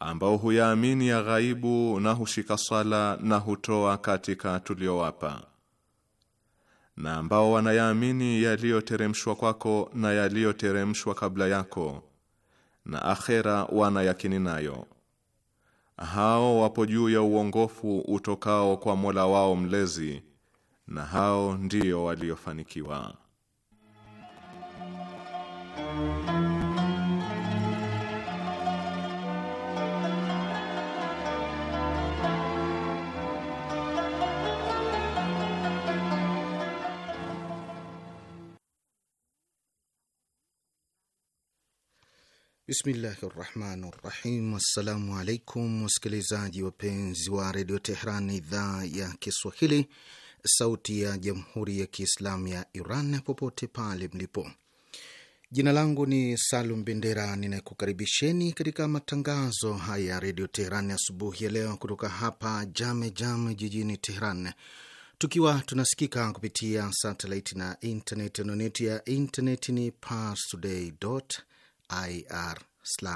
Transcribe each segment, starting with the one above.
ambao huyaamini ya ghaibu na hushika sala na hutoa katika tuliowapa, na ambao wanayaamini yaliyoteremshwa kwako na yaliyoteremshwa kabla yako, na akhera wana yakini nayo. Hao wapo juu ya uongofu utokao kwa Mola wao mlezi, na hao ndio waliofanikiwa. Bismillahi rahmani rahim. Assalamu alaikum wasikilizaji wapenzi wa redio Tehran, idhaa ya Kiswahili, sauti ya jamhuri ya kiislamu ya Iran, popote pale mlipo. Jina langu ni Salum Bendera, ninakukaribisheni katika matangazo haya ya redio Tehran asubuhi ya leo kutoka hapa Jame jam jijini Tehran, tukiwa tunasikika kupitia satelaiti na intnet Anoneti ya intnet ni parstoday ir/sw.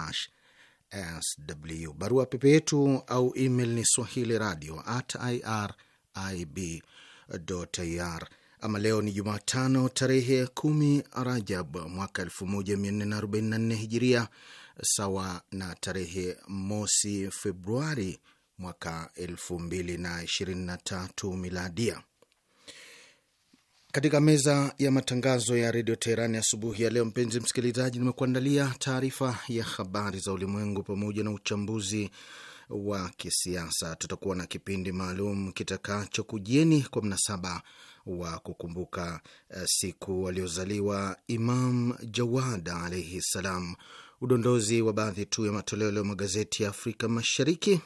Barua pepe yetu au email ni swahili radio at irib.ir. Ama leo ni Jumatano tarehe kumi Rajab mwaka 1444 Hijiria, sawa na tarehe mosi Februari mwaka tatu Miladia katika meza ya matangazo ya redio Teherani asubuhi ya, leo. Mpenzi msikilizaji, nimekuandalia taarifa ya habari za ulimwengu pamoja na uchambuzi wa kisiasa. Tutakuwa na kipindi maalum kitakacho kujieni kwa mnasaba wa kukumbuka eh, siku aliozaliwa Imam Jawad alaihi ssalam, udondozi wa baadhi tu ya matoleo leo magazeti ya Afrika Mashariki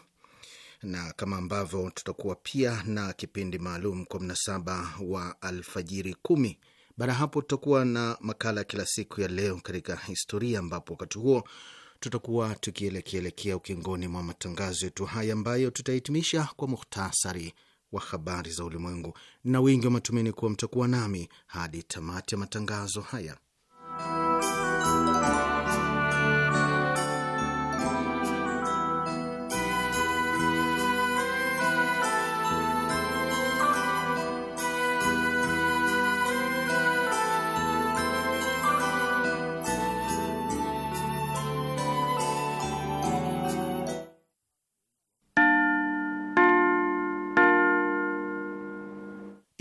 na kama ambavyo tutakuwa pia na kipindi maalum kwa mnasaba wa alfajiri kumi. Baada ya hapo, tutakuwa na makala ya kila siku ya leo katika historia, ambapo wakati huo tutakuwa tukielekeelekea ukingoni mwa matangazo yetu haya ambayo tutahitimisha kwa muhtasari wa habari za ulimwengu, na wingi wa matumaini kuwa mtakuwa nami hadi tamati ya matangazo haya.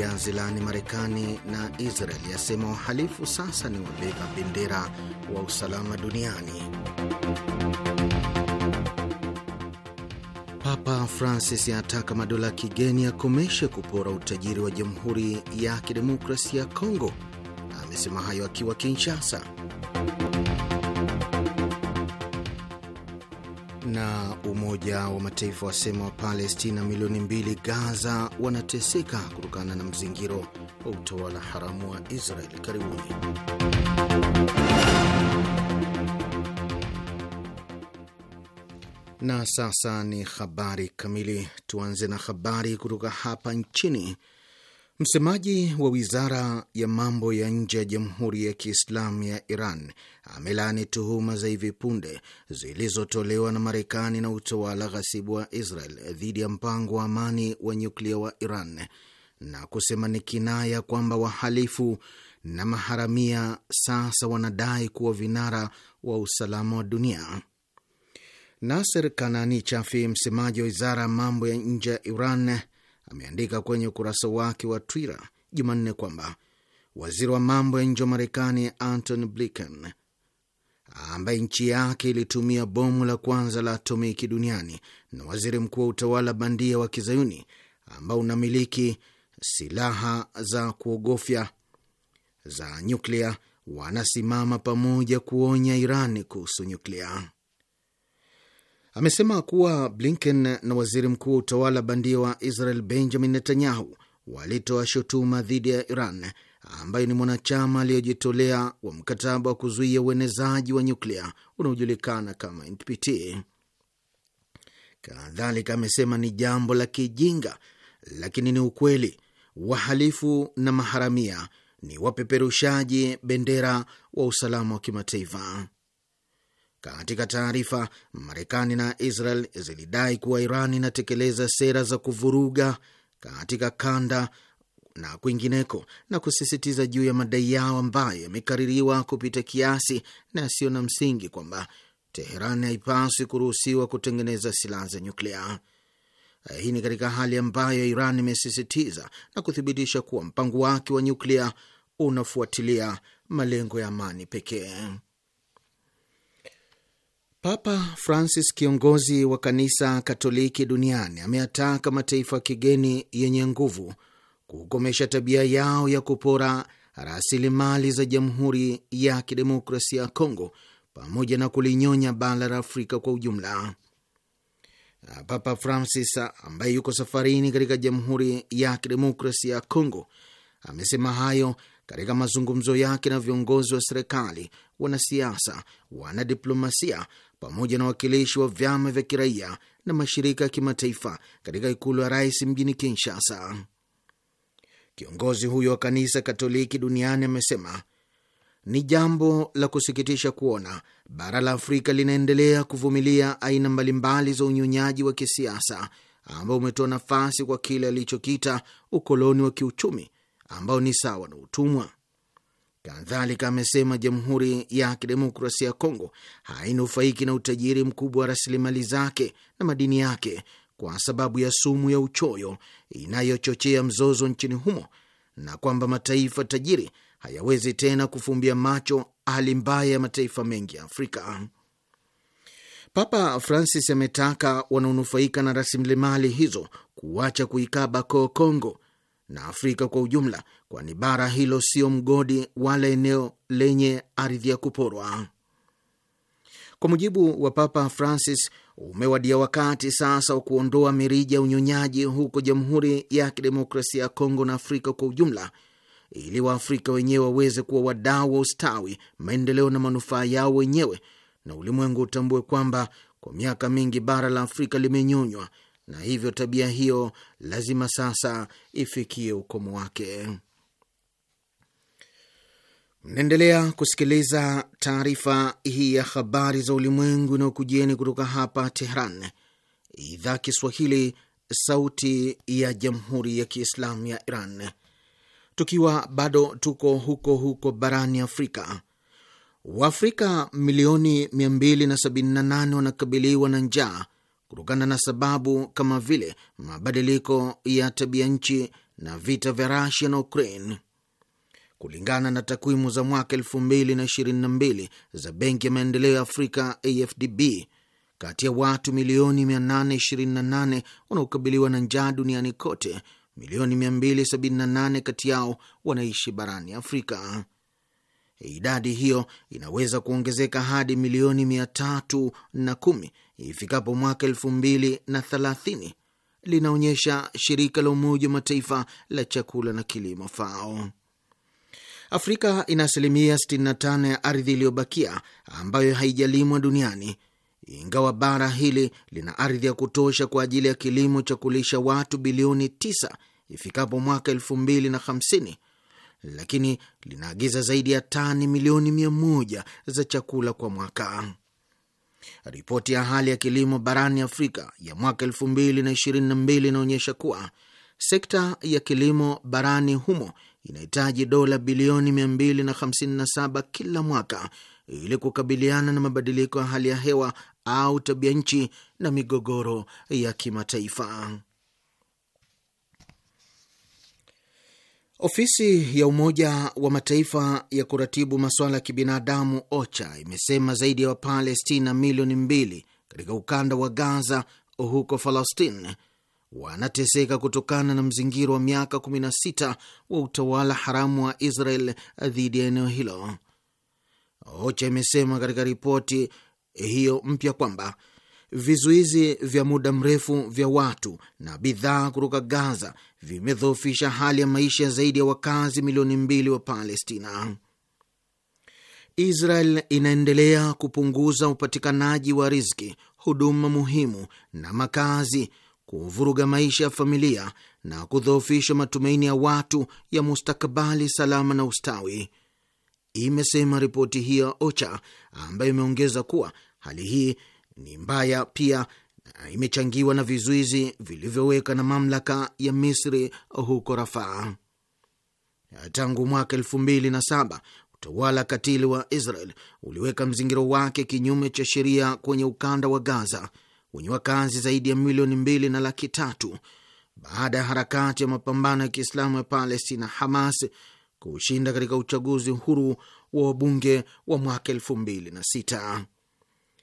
ya zilani Marekani na Israel yasema wahalifu sasa ni wabeba bendera wa usalama duniani. Papa Francis yataka madola ya kigeni yakomeshe kupora utajiri wa Jamhuri ya Kidemokrasia ya Kongo. Amesema hayo akiwa Kinshasa. Na Umoja wa Mataifa wasema wa Palestina milioni mbili Gaza wanateseka kutokana na mzingiro wa utawala haramu wa Israel. Karibuni. Na sasa ni habari kamili. Tuanze na habari kutoka hapa nchini. Msemaji wa wizara ya mambo ya nje ya Jamhuri ya Kiislamu ya Iran amelaani tuhuma za hivi punde zilizotolewa na Marekani na utawala ghasibu wa Israel dhidi ya mpango wa amani wa nyuklia wa Iran na kusema ni kinaya kwamba wahalifu na maharamia sasa wanadai kuwa vinara wa usalama wa dunia. naser Kanani Chafi, msemaji wa wizara ya mambo ya nje ya Iran, ameandika kwenye ukurasa wake wa Twitter Jumanne kwamba waziri wa mambo ya nje wa Marekani Antony Blinken ambaye nchi yake ilitumia bomu la kwanza la atomiki duniani na waziri mkuu wa utawala bandia wa kizayuni ambao unamiliki silaha za kuogofya za nyuklia wanasimama pamoja kuonya Iran kuhusu nyuklia. Amesema kuwa Blinken na waziri mkuu wa utawala bandia wa Israel Benjamin Netanyahu walitoa shutuma dhidi ya Iran ambaye ni mwanachama aliyejitolea wa mkataba wa kuzuia uenezaji wa nyuklia unaojulikana kama NPT. Kadhalika amesema ni jambo la kijinga, lakini ni ukweli. Wahalifu na maharamia ni wapeperushaji bendera wa usalama wa kimataifa. Katika taarifa, Marekani na Israel zilidai kuwa Iran inatekeleza sera za kuvuruga katika kanda na kwingineko na kusisitiza juu ya madai yao ambayo yamekaririwa kupita kiasi na yasiyo na msingi kwamba Teheran haipaswi kuruhusiwa kutengeneza silaha za nyuklia. Eh, hii ni katika hali ambayo Iran imesisitiza na kuthibitisha kuwa mpango wake wa nyuklia unafuatilia malengo ya amani pekee. Papa Francis, kiongozi wa kanisa Katoliki duniani, ameyataka mataifa ya kigeni yenye nguvu kukomesha tabia yao ya kupora rasilimali za Jamhuri ya Kidemokrasia ya Kongo pamoja na kulinyonya bara la Afrika kwa ujumla. Papa Francis ambaye yuko safarini katika Jamhuri ya Kidemokrasia ya Kongo amesema hayo katika mazungumzo yake na viongozi wa serikali, wanasiasa, wanadiplomasia pamoja na wakilishi wa vyama vya kiraia na mashirika ya kimataifa katika ikulu ya rais mjini Kinshasa. Kiongozi huyo wa kanisa Katoliki duniani amesema ni jambo la kusikitisha kuona bara la Afrika linaendelea kuvumilia aina mbalimbali za unyonyaji wa kisiasa ambao umetoa nafasi kwa kile alichokita ukoloni wa kiuchumi ambao ni sawa na utumwa. Kadhalika amesema Jamhuri ya Kidemokrasia ya Kongo hainufaiki na utajiri mkubwa wa rasilimali zake na madini yake kwa sababu ya sumu ya uchoyo inayochochea mzozo nchini humo na kwamba mataifa tajiri hayawezi tena kufumbia macho hali mbaya ya mataifa mengi ya Afrika. Papa Francis ametaka wanaonufaika na rasilimali hizo kuacha kuikaba koo Kongo na Afrika kwa ujumla, kwani bara hilo sio mgodi wala eneo lenye ardhi ya kuporwa. Kwa mujibu wa Papa Francis, umewadia wakati sasa wa kuondoa mirija ya unyonyaji huko Jamhuri ya Kidemokrasia ya Kongo na Afrika kwa ujumla, ili Waafrika wenyewe waweze kuwa wadau wa ustawi, maendeleo na manufaa yao wenyewe, na ulimwengu utambue kwamba kwa miaka mingi bara la Afrika limenyonywa, na hivyo tabia hiyo lazima sasa ifikie ukomo wake. Mnaendelea kusikiliza taarifa hii ya habari za ulimwengu inayokujieni kutoka hapa Tehran, idhaa Kiswahili, sauti ya jamhuri ya kiislamu ya Iran. Tukiwa bado tuko huko huko barani Afrika, Waafrika milioni 278 wanakabiliwa na njaa kutokana na sababu kama vile mabadiliko ya tabia nchi na vita vya Rusia na Ukraine kulingana na takwimu za mwaka 2022 za Benki ya Maendeleo ya Afrika AFDB, kati ya watu milioni 828 wanaokabiliwa na njaa duniani kote, milioni 278 kati yao wanaishi barani Afrika. Idadi hiyo inaweza kuongezeka hadi milioni 310 ifikapo mwaka 2030, linaonyesha shirika la Umoja wa Mataifa la chakula na kilimo FAO. Afrika ina asilimia 65 ya ardhi iliyobakia ambayo haijalimwa duniani. Ingawa bara hili lina ardhi ya kutosha kwa ajili ya kilimo cha kulisha watu bilioni 9 ifikapo mwaka 2050, lakini linaagiza zaidi ya tani milioni 100 za chakula kwa mwaka. Ripoti ya hali ya kilimo barani Afrika ya mwaka 2022 inaonyesha kuwa sekta ya kilimo barani humo inahitaji dola bilioni 257 kila mwaka ili kukabiliana na mabadiliko ya hali ya hewa au tabia nchi na migogoro ya kimataifa. Ofisi ya Umoja wa Mataifa ya kuratibu masuala ya kibinadamu OCHA imesema zaidi ya Wapalestina milioni mbili katika ukanda wa Gaza huko Palestina wanateseka kutokana na mzingiro wa miaka 16 wa utawala haramu wa Israel dhidi ya eneo hilo. OCHA imesema katika ripoti hiyo mpya kwamba vizuizi vya muda mrefu vya watu na bidhaa kutoka Gaza vimedhoofisha hali ya maisha zaidi ya wakazi milioni mbili wa Palestina. Israel inaendelea kupunguza upatikanaji wa riziki, huduma muhimu na makazi kuvuruga maisha ya familia na kudhoofisha matumaini ya watu ya mustakabali salama na ustawi, imesema ripoti hiyo OCHA ambayo imeongeza kuwa hali hii ni mbaya pia na imechangiwa na vizuizi vilivyoweka na mamlaka ya Misri huko Rafaa tangu mwaka elfu mbili na saba. Utawala katili wa Israel uliweka mzingiro wake kinyume cha sheria kwenye ukanda wa Gaza wenye wakazi zaidi ya milioni mbili na laki tatu baada ya harakati ya mapambano ya Kiislamu ya Palestina Hamas kushinda katika uchaguzi huru wa wabunge wa mwaka elfu mbili na sita.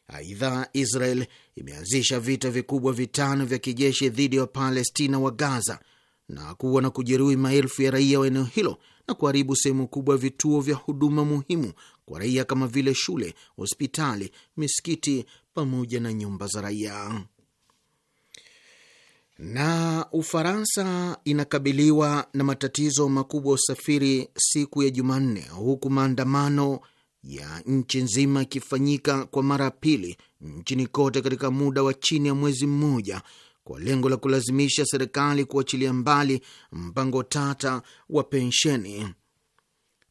Aidha, Israel imeanzisha vita vikubwa vitano vya kijeshi dhidi ya Wapalestina wa Gaza na kuwa na kujeruhi maelfu ya raia wa eneo hilo na kuharibu sehemu kubwa ya vituo vya huduma muhimu kwa raia kama vile shule, hospitali, misikiti pamoja na nyumba za raia. Na Ufaransa inakabiliwa na matatizo makubwa ya usafiri siku ya Jumanne, huku maandamano ya nchi nzima ikifanyika kwa mara ya pili nchini kote katika muda wa chini ya mwezi mmoja kwa lengo la kulazimisha serikali kuachilia mbali mpango tata wa pensheni.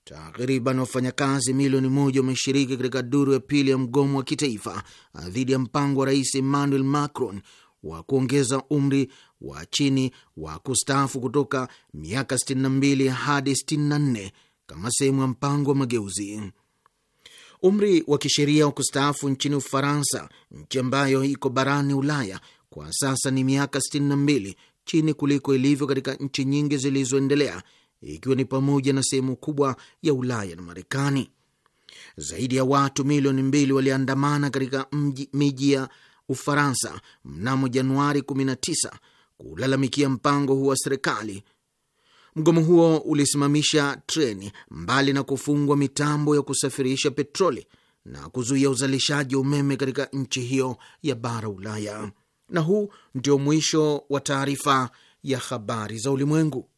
Takriban wafanyakazi milioni moja wameshiriki katika duru ya pili ya mgomo wa kitaifa ah, dhidi ya mpango wa Rais Emmanuel Macron wa kuongeza umri wa chini wa kustaafu kutoka miaka 62 hadi 64 kama sehemu ya mpango wa mageuzi. Umri wa kisheria wa kustaafu nchini Ufaransa, nchi ambayo iko barani Ulaya, kwa sasa ni miaka 62, chini kuliko ilivyo katika nchi nyingi zilizoendelea ikiwa ni pamoja na sehemu kubwa ya Ulaya na Marekani. Zaidi ya watu milioni mbili waliandamana katika miji ya Ufaransa mnamo Januari 19 kulalamikia mpango huo wa serikali. Mgomo huo ulisimamisha treni mbali na kufungwa mitambo ya kusafirisha petroli na kuzuia uzalishaji wa umeme katika nchi hiyo ya bara Ulaya. Na huu ndio mwisho wa taarifa ya habari za ulimwengu.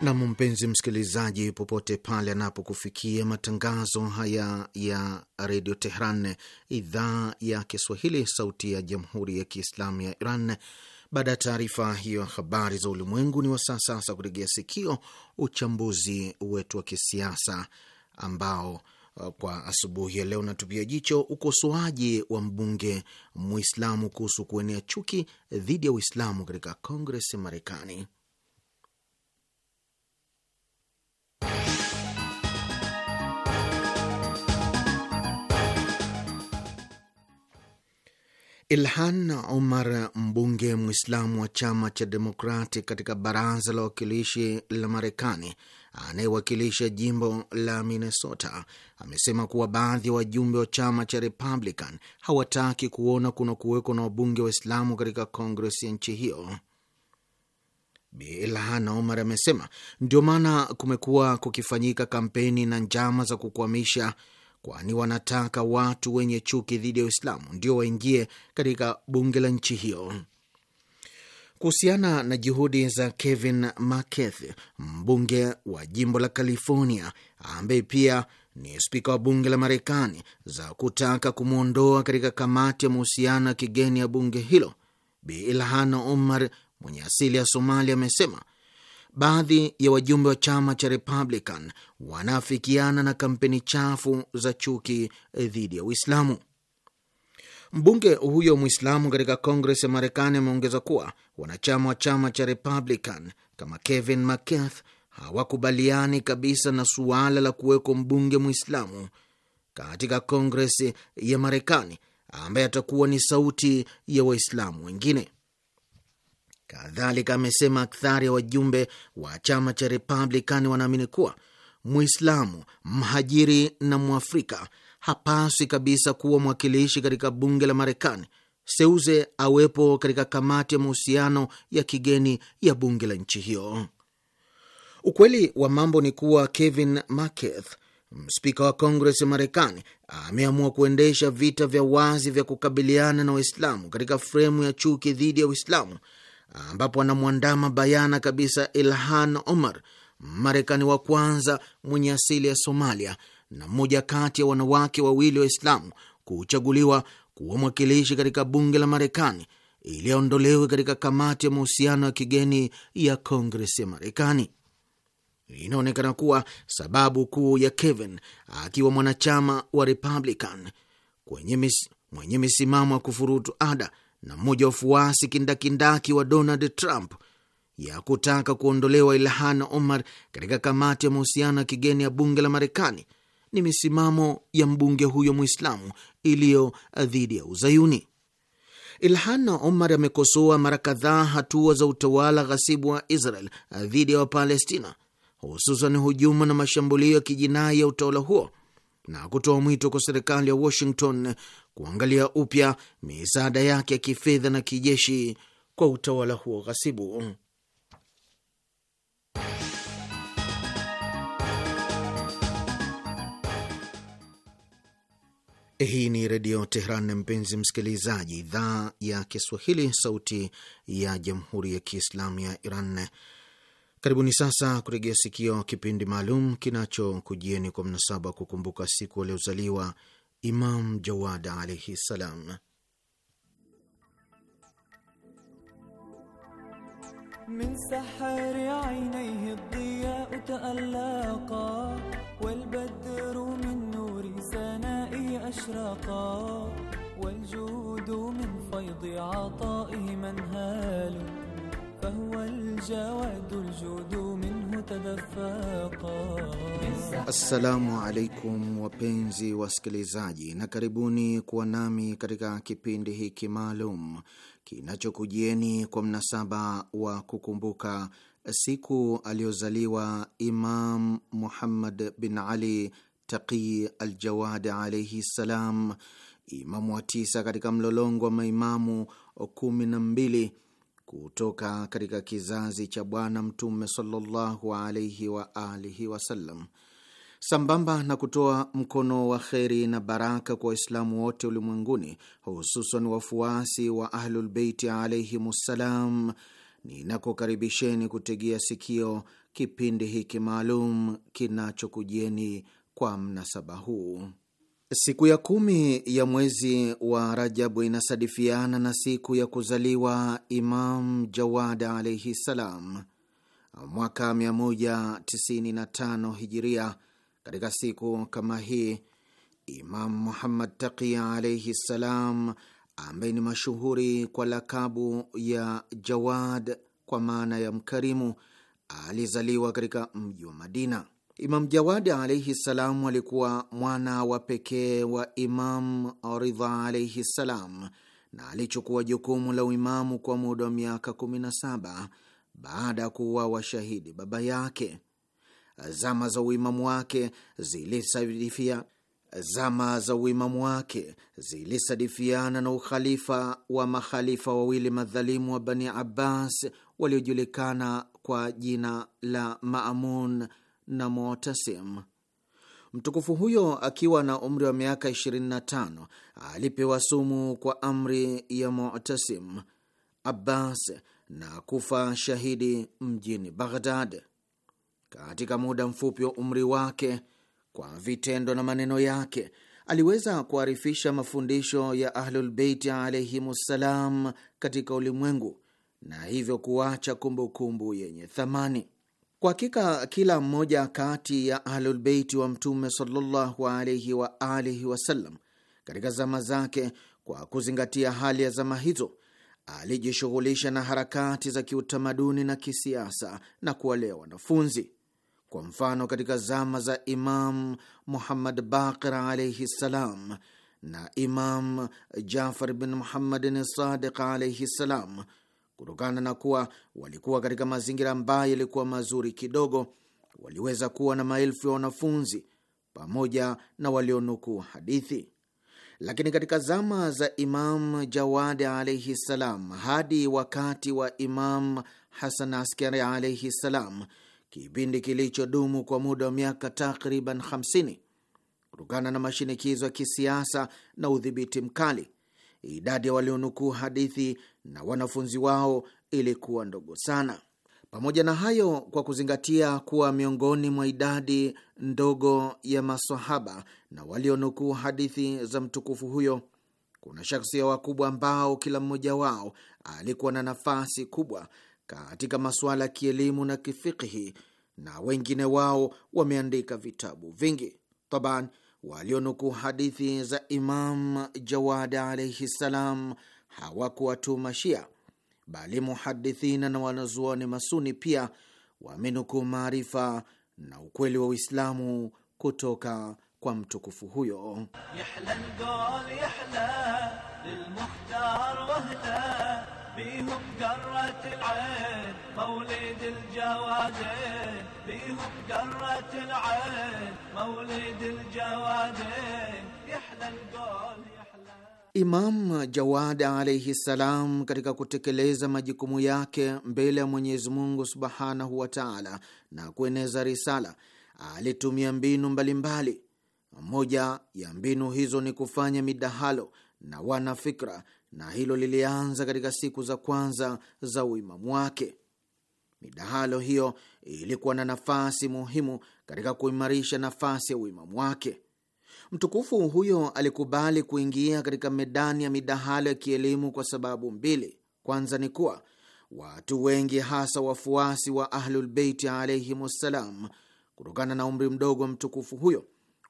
Nam, mpenzi msikilizaji, popote pale anapokufikia matangazo haya ya redio Tehran, idhaa ya Kiswahili, sauti ya jamhuri ya kiislamu ya Iran. Baada ya taarifa hiyo ya habari za ulimwengu, ni wasaa sasa kuregea sikio uchambuzi wetu wa kisiasa ambao uh, kwa asubuhi ya leo natupia jicho ukosoaji wa mbunge Muislamu kuhusu kuenea chuki dhidi ya Uislamu katika Kongres Marekani. Ilhan Omar, mbunge mwislamu wa chama cha Demokrati katika baraza la wakilishi la Marekani anayewakilisha jimbo la Minnesota, amesema kuwa baadhi ya wajumbe wa chama cha Republican hawataki kuona kuna kuwekwa na wabunge Waislamu katika Kongres ya nchi hiyo. Bi Ilhan Omar amesema ndio maana kumekuwa kukifanyika kampeni na njama za kukwamisha kwani wanataka watu wenye chuki dhidi ya Uislamu ndio waingie katika bunge la nchi hiyo. Kuhusiana na juhudi za Kevin McCarthy, mbunge wa jimbo la California ambaye pia ni spika wa bunge la Marekani, za kutaka kumwondoa katika kamati ya mahusiano ya kigeni ya bunge hilo, Bi Ilhana Omar mwenye asili ya Somalia amesema baadhi ya wajumbe wa chama cha Republican wanaafikiana na kampeni chafu za chuki dhidi ya Uislamu. Mbunge huyo Mwislamu katika Kongres ya Marekani ameongeza kuwa wanachama wa chama cha Republican kama Kevin McCarthy hawakubaliani kabisa na suala la kuwekwa mbunge Mwislamu katika Kongres ya Marekani ambaye atakuwa ni sauti ya Waislamu wengine. Kadhalika amesema akthari ya wajumbe wa chama cha Republican wanaamini kuwa Mwislamu, mhajiri na Mwafrika hapaswi kabisa kuwa mwakilishi katika bunge la Marekani. Seuze awepo katika kamati ya mahusiano ya kigeni ya bunge la nchi hiyo. Ukweli wa mambo ni kuwa Kevin McCarthy, mspika wa Kongres ya Marekani, ameamua kuendesha vita vya wazi vya kukabiliana na Waislamu katika fremu ya chuki dhidi ya Uislamu ambapo anamwandama bayana kabisa Ilhan Omar, Marekani wa kwanza mwenye asili ya Somalia na mmoja kati ya wanawake wawili Waislamu kuchaguliwa kuwa mwakilishi katika bunge la Marekani ili aondolewe katika kamati ya mahusiano ya kigeni ya kongres ya Marekani. Inaonekana kuwa sababu kuu ya Kevin akiwa mwanachama wa Republican kwenye mis, mwenye misimamo ya kufurutu ada na mmoja wa wafuasi kindakindaki wa Donald Trump ya kutaka kuondolewa Ilhan Omar katika kamati ya mahusiano ya kigeni ya bunge la Marekani ni misimamo ya mbunge huyo Mwislamu iliyo dhidi ya Uzayuni. Ilhan Omar amekosoa mara kadhaa hatua za utawala ghasibu wa Israel dhidi ya Wapalestina, hususan hujuma na mashambulio ya kijinai ya utawala huo na kutoa mwito kwa serikali ya Washington kuangalia upya misaada yake ya kifedha na kijeshi kwa utawala huo ghasibu. Hii ni Redio Tehran, mpenzi msikilizaji, idhaa ya Kiswahili, sauti ya Jamhuri ya Kiislamu ya Iran. Karibuni sasa kuregea sikio kipindi maalum kinachokujieni kwa mnasaba kukumbuka siku aliozaliwa Imam Jawad alaihi ssalam. من سحر عينيه الضياء تألقا والبدر من نور سنائي أشرقا والجود من فيض عطائه منهال فهو الجواد الجود منه Assalamu alaikum wapenzi wasikilizaji, na karibuni kuwa nami katika kipindi hiki maalum kinachokujieni kwa mnasaba wa kukumbuka siku aliyozaliwa Imam Muhammad bin Ali Taqi Aljawad alaihi ssalam, imamu wa tisa katika mlolongo wa maimamu kumi na mbili kutoka katika kizazi cha Bwana Mtume sallallahu alaihi wa alihi wasallam, sambamba na kutoa mkono wa kheri na baraka kwa Waislamu wote ulimwenguni, hususan wafuasi wa Ahlulbeiti alaihimussalam. Ninakukaribisheni kutegea sikio kipindi hiki maalum kinachokujieni kwa mnasaba huu. Siku ya kumi ya mwezi wa Rajabu inasadifiana na siku ya kuzaliwa Imam Jawad alaihi ssalam, mwaka 195 Hijiria. Katika siku kama hii, Imam Muhammad Taqi alaihi ssalam, ambaye ni mashuhuri kwa lakabu ya Jawad kwa maana ya mkarimu, alizaliwa katika mji wa Madina. Imam Jawadi alaihi ssalam alikuwa mwana wa pekee wa Imam Ridha alaihi ssalam na alichukua jukumu la uimamu kwa muda wa miaka 17 baada ya kuwa washahidi baba yake. Zama za uimamu wake zilisadifia zama za uimamu wake zilisadifiana na ukhalifa wa makhalifa wawili madhalimu wa Bani Abbas waliojulikana kwa jina la Maamun na Muotasim. Mtukufu huyo akiwa na umri wa miaka 25 alipewa sumu kwa amri ya motasim Abbas na kufa shahidi mjini Baghdad. Katika muda mfupi wa umri wake, kwa vitendo na maneno yake, aliweza kuarifisha mafundisho ya Ahlulbeiti alaihimussalam katika ulimwengu na hivyo kuacha kumbukumbu yenye thamani. Kwa hakika kila mmoja kati ya Ahlulbeiti wa Mtume sallallahu alaihi wa alihi wasallam katika zama zake, kwa kuzingatia hali ya zama hizo, alijishughulisha na harakati za kiutamaduni na kisiasa na kuwalea wanafunzi. Kwa mfano, katika zama za Imam Muhammad Baqir alaihi ssalam na Imam Jafar bin Muhammadin Sadiq alaihi ssalam Kutokana na kuwa walikuwa katika mazingira ambayo yalikuwa mazuri kidogo, waliweza kuwa na maelfu ya wanafunzi pamoja na walionukuu hadithi. Lakini katika zama za Imam Jawadi alaihi ssalam hadi wakati wa Imam Hasan Askari alaihi ssalam, kipindi kilichodumu kwa muda wa miaka takriban 50, kutokana na mashinikizo ya kisiasa na udhibiti mkali idadi ya walionukuu hadithi na wanafunzi wao ilikuwa ndogo sana. Pamoja na hayo, kwa kuzingatia kuwa miongoni mwa idadi ndogo ya masahaba na walionukuu hadithi za mtukufu huyo kuna shaksia wakubwa ambao kila mmoja wao alikuwa na nafasi kubwa katika masuala ya kielimu na kifikihi, na wengine wao wameandika vitabu vingi taban walionukuu hadithi za Imam Jawadi alaihi ssalam hawakuwatuma Shia, bali muhadithina na wanazuoni Masuni pia wamenukuu maarifa na ukweli wa Uislamu kutoka kwa mtukufu huyo yahla بيهم قرة العين مولد الجوادين بيهم قرة العين مولد الجوادين يحلى القول Imam Jawad alaihi salam katika kutekeleza majukumu yake mbele ya Mwenyezi Mungu subhanahu wa taala na kueneza risala alitumia mbinu mbalimbali. Moja ya mbinu hizo ni kufanya midahalo na wanafikra na hilo lilianza katika siku za kwanza za uimamu wake. Midahalo hiyo ilikuwa na nafasi muhimu katika kuimarisha nafasi ya uimamu wake. Mtukufu huyo alikubali kuingia katika medani ya midahalo ya kielimu kwa sababu mbili. Kwanza ni kuwa watu wengi, hasa wafuasi wa Ahlulbeiti alaihim wassalam, kutokana na umri mdogo wa mtukufu huyo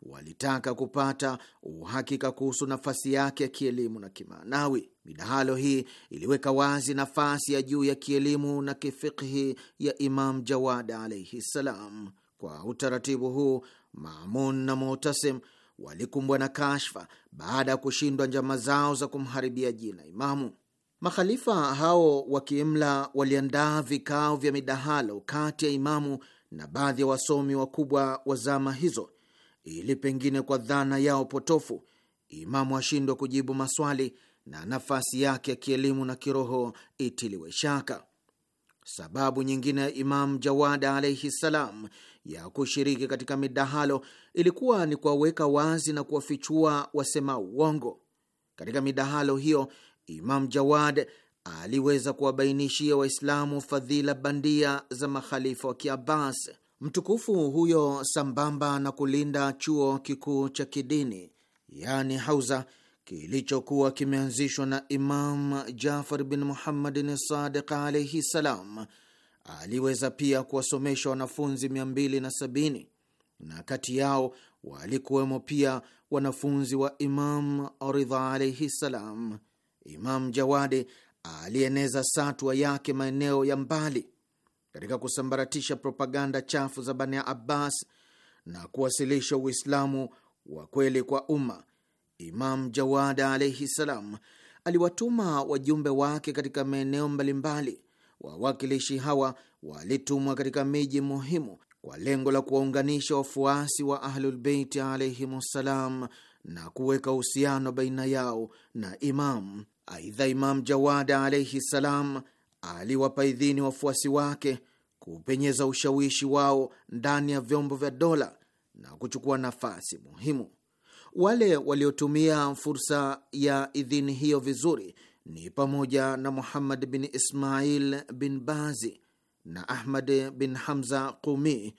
walitaka kupata uhakika kuhusu nafasi yake ya kielimu na kimaanawi. Midahalo hii iliweka wazi nafasi ya juu ya kielimu na kifikhi ya Imam Jawad alaihi ssalam. Kwa utaratibu huu, Mamun na Mutasim walikumbwa na kashfa baada ya kushindwa njama zao za kumharibia jina Imamu. Makhalifa hao wa kiimla waliandaa vikao vya midahalo kati ya Imamu na baadhi ya wasomi wakubwa wa zama hizo ili pengine kwa dhana yao potofu imamu ashindwa kujibu maswali na nafasi yake ya kielimu na kiroho itiliwe shaka. Sababu nyingine ya Imamu Jawada alaihi ssalam ya kushiriki katika midahalo ilikuwa ni kuwaweka wazi na kuwafichua wasema uongo. Katika midahalo hiyo, Imamu Jawad aliweza kuwabainishia Waislamu fadhila bandia za makhalifa wa Kiabbas mtukufu huyo, sambamba na kulinda chuo kikuu cha kidini yani hauza kilichokuwa kimeanzishwa na Imam Jafar bin Muhammadin Sadiq alaihi ssalam aliweza pia kuwasomesha wanafunzi 270 na kati yao walikuwemo pia wanafunzi wa Imam Ridha alaihi salam. Imam Jawadi alieneza satwa yake maeneo ya mbali katika kusambaratisha propaganda chafu za Bani Abbas na kuwasilisha Uislamu wa kweli kwa umma, Imam Jawada alaihi salam aliwatuma wajumbe wake katika maeneo mbalimbali. Wawakilishi hawa walitumwa katika miji muhimu kwa lengo la kuwaunganisha wafuasi wa Ahlulbeiti ssalam na kuweka uhusiano baina yao na Imam. Aidha, Imam Jawada alaihi salam aliwapa idhini wafuasi wake kupenyeza ushawishi wao ndani ya vyombo vya dola na kuchukua nafasi muhimu. Wale waliotumia fursa ya idhini hiyo vizuri ni pamoja na Muhammad bin Ismail bin Bazi na Ahmad bin Hamza Qumi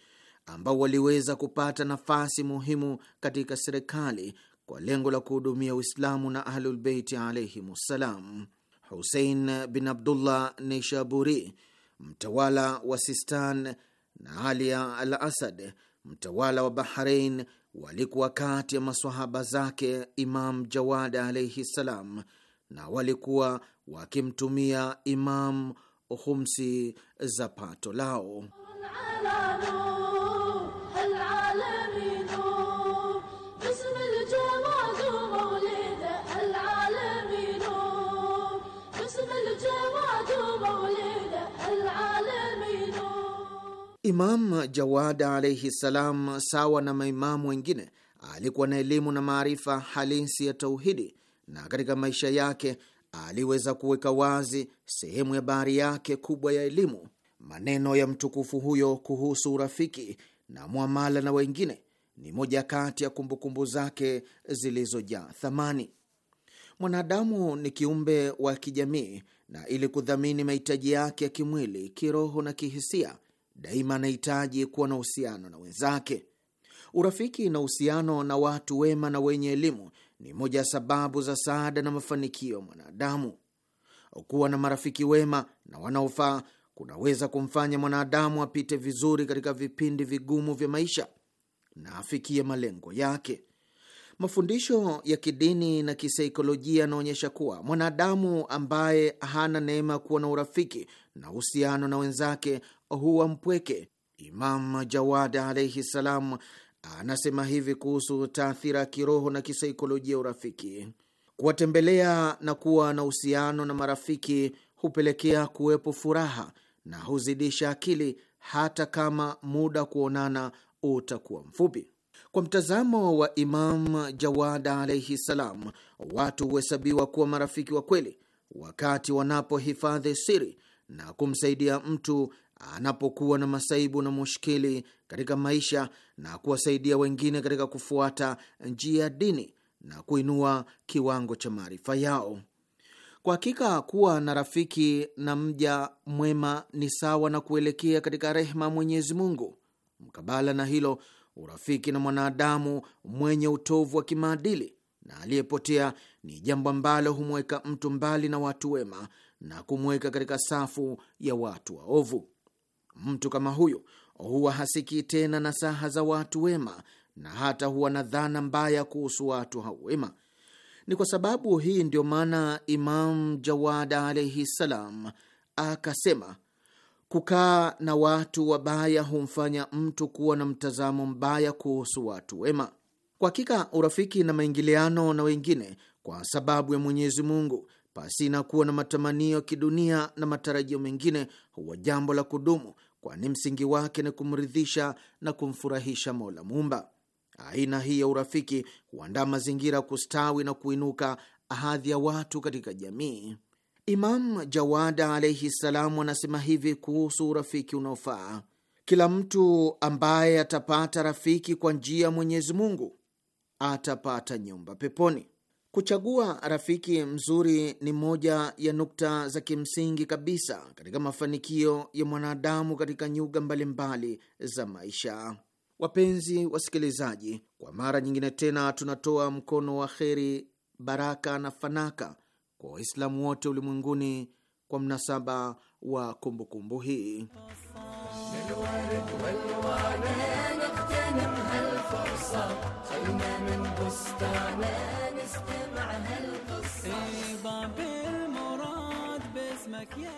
ambao waliweza kupata nafasi muhimu katika serikali kwa lengo la kuhudumia Uislamu na Ahlulbeiti alaihim ssalam. Husein bin Abdullah Neishaburi, mtawala wa Sistan, na Alia al Asad, mtawala wa bahrein walikuwa kati ya maswahaba zake Imam Jawad alaihi ssalam, na walikuwa wakimtumia Imam humsi za pato lao Imam jawad alaihi ssalam, sawa na maimamu wengine, alikuwa na elimu na maarifa halisi ya tauhidi, na katika maisha yake aliweza kuweka wazi sehemu ya bahari yake kubwa ya elimu. Maneno ya mtukufu huyo kuhusu urafiki na mwamala na wengine ni moja kati ya kumbukumbu zake zilizojaa thamani. Mwanadamu ni kiumbe wa kijamii, na ili kudhamini mahitaji yake ya kimwili, kiroho na kihisia daima anahitaji kuwa na uhusiano na wenzake. Urafiki na uhusiano na watu wema na wenye elimu ni moja ya sababu za saada na mafanikio ya mwanadamu. Kuwa na marafiki wema na wanaofaa kunaweza kumfanya mwanadamu apite vizuri katika vipindi vigumu vya maisha na afikie malengo yake. Mafundisho ya kidini na kisaikolojia yanaonyesha kuwa mwanadamu ambaye hana neema ya kuwa na urafiki na uhusiano na wenzake huwa mpweke. Imam Jawad alaihi salam anasema hivi kuhusu taathira ya kiroho na kisaikolojia urafiki: kuwatembelea na kuwa na uhusiano na marafiki hupelekea kuwepo furaha na huzidisha akili hata kama muda kuonana utakuwa mfupi. Kwa mtazamo wa Imam Jawad alaihi salam, watu huhesabiwa kuwa marafiki wa kweli wakati wanapohifadhi siri na kumsaidia mtu anapokuwa na masaibu na mushkili katika maisha na kuwasaidia wengine katika kufuata njia ya dini na kuinua kiwango cha maarifa yao. Kwa hakika kuwa na rafiki na mja mwema ni sawa na kuelekea katika rehma Mwenyezi Mungu. Mkabala na hilo, urafiki na mwanadamu mwenye utovu wa kimaadili na aliyepotea ni jambo ambalo humweka mtu mbali na watu wema na kumweka katika safu ya watu waovu. Mtu kama huyo huwa hasikii tena nasaha za watu wema na hata huwa na dhana mbaya kuhusu watu hao wema. Ni kwa sababu hii ndiyo maana Imam Jawad alaihi ssalam akasema, kukaa na watu wabaya humfanya mtu kuwa na mtazamo mbaya kuhusu watu wema. Kwa hakika urafiki na maingiliano na wengine kwa sababu ya Mwenyezi Mungu pasi na kuwa na matamanio ya kidunia na matarajio mengine huwa jambo la kudumu, kwani msingi wake ni kumridhisha na kumfurahisha Mola Muumba. Aina hii ya urafiki huandaa mazingira kustawi na kuinuka hadhi ya watu katika jamii. Imam Jawada alaihi ssalam anasema hivi kuhusu urafiki unaofaa: kila mtu ambaye atapata rafiki kwa njia ya Mwenyezi Mungu atapata nyumba peponi. Kuchagua rafiki mzuri ni moja ya nukta za kimsingi kabisa katika mafanikio ya mwanadamu katika nyuga mbalimbali za maisha. Wapenzi wasikilizaji, kwa mara nyingine tena tunatoa mkono wa kheri, baraka na fanaka kwa Waislamu wote ulimwenguni kwa mnasaba wa kumbukumbu hii. فرصة خلنا من نستمع هالقصة باب المراد باسمك يا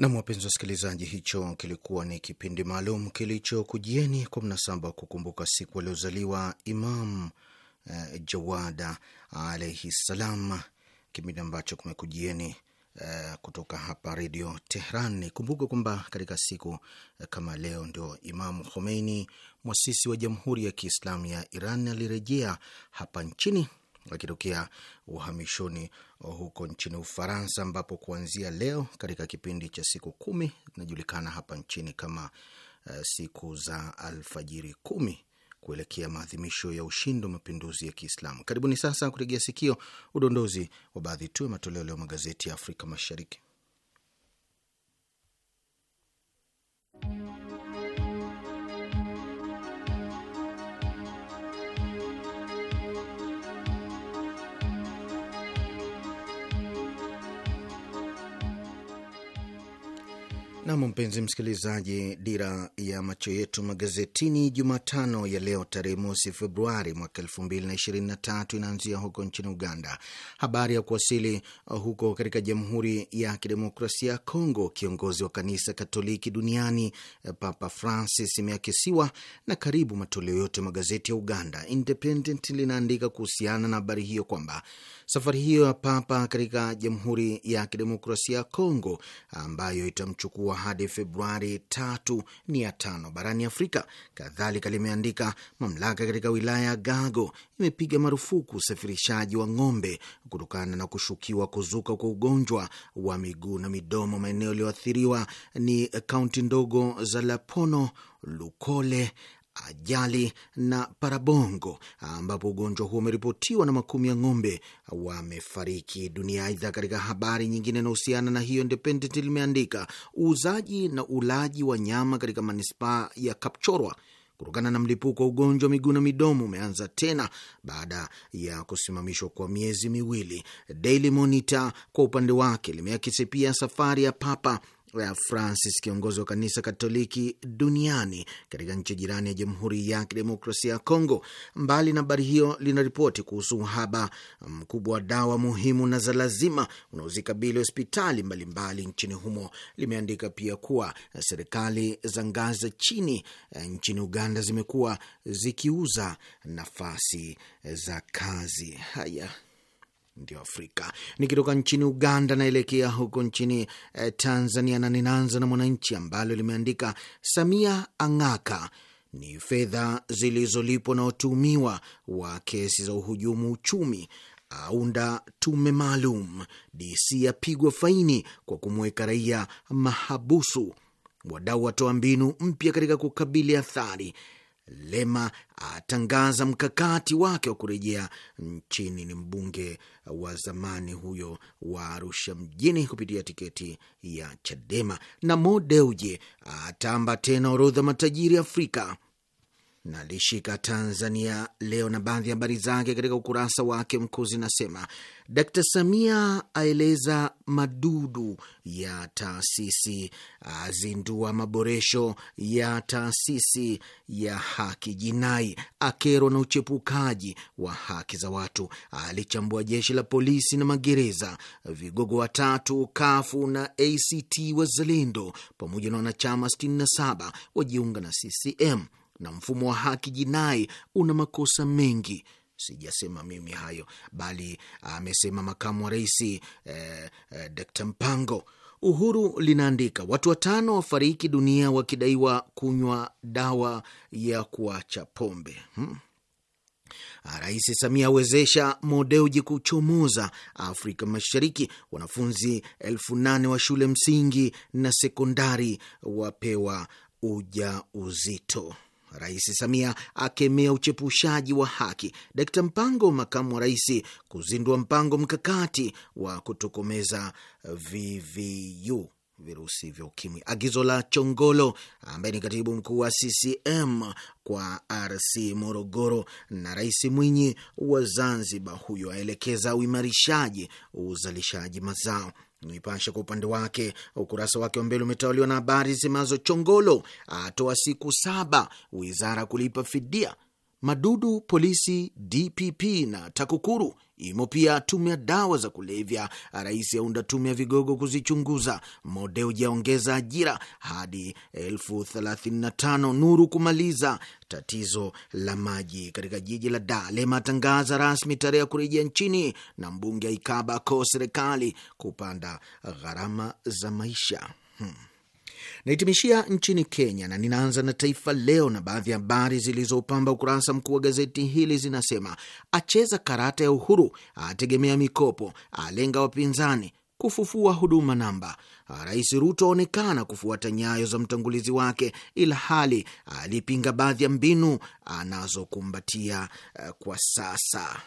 Nam, wapenzi wasikilizaji, hicho kilikuwa ni kipindi maalum kilichokujieni kwa mnasaba wa kukumbuka siku aliozaliwa Imam eh, Jawada alaihi ssalam, kipindi ambacho kumekujieni Eh, kutoka hapa Redio Tehran. kumbuka kwamba katika siku eh, kama leo ndio Imamu Khomeini, mwasisi wa Jamhuri ya Kiislamu ya Iran, alirejea hapa nchini akitokea uhamishoni huko nchini Ufaransa, ambapo kuanzia leo katika kipindi cha siku kumi zinajulikana hapa nchini kama uh, siku za alfajiri kumi kuelekea maadhimisho ya ushindi wa mapinduzi ya Kiislamu. Karibuni sasa kutegea sikio udondozi wa baadhi tu ya matoleo leo magazeti ya Afrika Mashariki. Nam, mpenzi msikilizaji, dira ya macho yetu magazetini Jumatano ya leo tarehe mosi Februari mwaka elfu mbili na ishirini na tatu inaanzia huko nchini Uganda. Habari ya kuwasili uh, huko katika Jamhuri ya Kidemokrasia ya Kongo kiongozi wa kanisa Katoliki duniani uh, Papa Francis imeakisiwa na karibu matoleo yote magazeti ya Uganda. Independent linaandika kuhusiana na habari hiyo kwamba safari hiyo ya Papa katika Jamhuri ya Kidemokrasia ya Kongo ambayo itamchukua hadi Februari tatu ni ya tano barani Afrika. Kadhalika limeandika mamlaka katika wilaya ya Gago imepiga marufuku usafirishaji wa ng'ombe kutokana na kushukiwa kuzuka kwa ugonjwa wa miguu na midomo. Maeneo yaliyoathiriwa ni kaunti ndogo za Lapono, Lukole, ajali na parabongo, ambapo ugonjwa huo umeripotiwa na makumi ya ng'ombe wamefariki dunia. Aidha, katika habari nyingine inahusiana na hiyo, Independent limeandika uuzaji na ulaji wa nyama katika manispaa ya Kapchorwa kutokana na mlipuko wa ugonjwa miguu na midomo umeanza tena baada ya kusimamishwa kwa miezi miwili. Daily Monitor kwa upande wake limeakisi pia safari ya Papa Francis, kiongozi wa kanisa Katoliki duniani katika nchi jirani ya Jamhuri ya Kidemokrasia ya Kongo. Mbali na habari hiyo, lina ripoti kuhusu uhaba mkubwa wa dawa muhimu na za lazima unaozikabili hospitali mbalimbali nchini humo. Limeandika pia kuwa serikali za ngazi za chini eh, nchini Uganda zimekuwa zikiuza nafasi za kazi. Haya ndio Afrika. Nikitoka nchini Uganda naelekea huko nchini eh, Tanzania, na ninaanza na Mwananchi ambalo limeandika Samia ang'aka ni fedha zilizolipwa na watuhumiwa wa kesi za uhujumu uchumi, aunda tume maalum, DC apigwa faini kwa kumweka raia mahabusu, wadau watoa mbinu mpya katika kukabili athari Lema atangaza mkakati wake wa kurejea nchini. Ni mbunge wa zamani huyo wa Arusha mjini kupitia tiketi ya Chadema. Na Mo Dewji atamba tena orodha matajiri Afrika nalishika Tanzania Leo na baadhi ya habari zake katika ukurasa wake mkuu zinasema: Dkt Samia aeleza madudu ya taasisi, azindua maboresho ya taasisi ya haki jinai, akerwa na uchepukaji wa haki za watu, alichambua jeshi la polisi na magereza, vigogo watatu kafu na ACT Wazalendo pamoja na wanachama 67 wajiunga na CCM na mfumo wa haki jinai una makosa mengi. Sijasema mimi hayo, bali amesema makamu wa rais eh, eh, Dkt Mpango. Uhuru linaandika watu watano wafariki dunia wakidaiwa kunywa dawa ya kuacha pombe. Hmm. Rais Samia awezesha modeuji kuchomoza Afrika Mashariki. Wanafunzi elfu nane wa shule msingi na sekondari wapewa uja uzito Rais Samia akemea uchepushaji wa haki. Dkt Mpango, makamu wa rais, kuzindua mpango mkakati wa kutokomeza VVU virusi vya ukimwi. Agizo la Chongolo ambaye ni katibu mkuu wa CCM kwa RC Morogoro na Rais Mwinyi wa Zanzibar, huyo aelekeza uimarishaji uzalishaji mazao. Nipashe kwa upande wake ukurasa wake wa mbele umetawaliwa na habari zimazo Chongolo atoa siku saba wizara kulipa fidia, madudu polisi, DPP na TAKUKURU Imo pia tume ya dawa za kulevya. Rais aunda tume ya vigogo kuzichunguza. Mode hujaongeza ajira hadi elfu thelathini na tano. Nuru kumaliza tatizo la maji katika jiji la Dar. Lema atangaza rasmi tarehe ya kurejea nchini, na mbunge aikaba koo serikali kupanda gharama za maisha hmm naitimishia nchini Kenya na ninaanza na Taifa Leo, na baadhi ya habari zilizopamba ukurasa mkuu wa gazeti hili zinasema: acheza karata ya uhuru, ategemea mikopo, alenga wapinzani, kufufua huduma namba. Rais Ruto aonekana kufuata nyayo za mtangulizi wake, ila hali alipinga baadhi ya mbinu anazokumbatia eh, kwa sasa.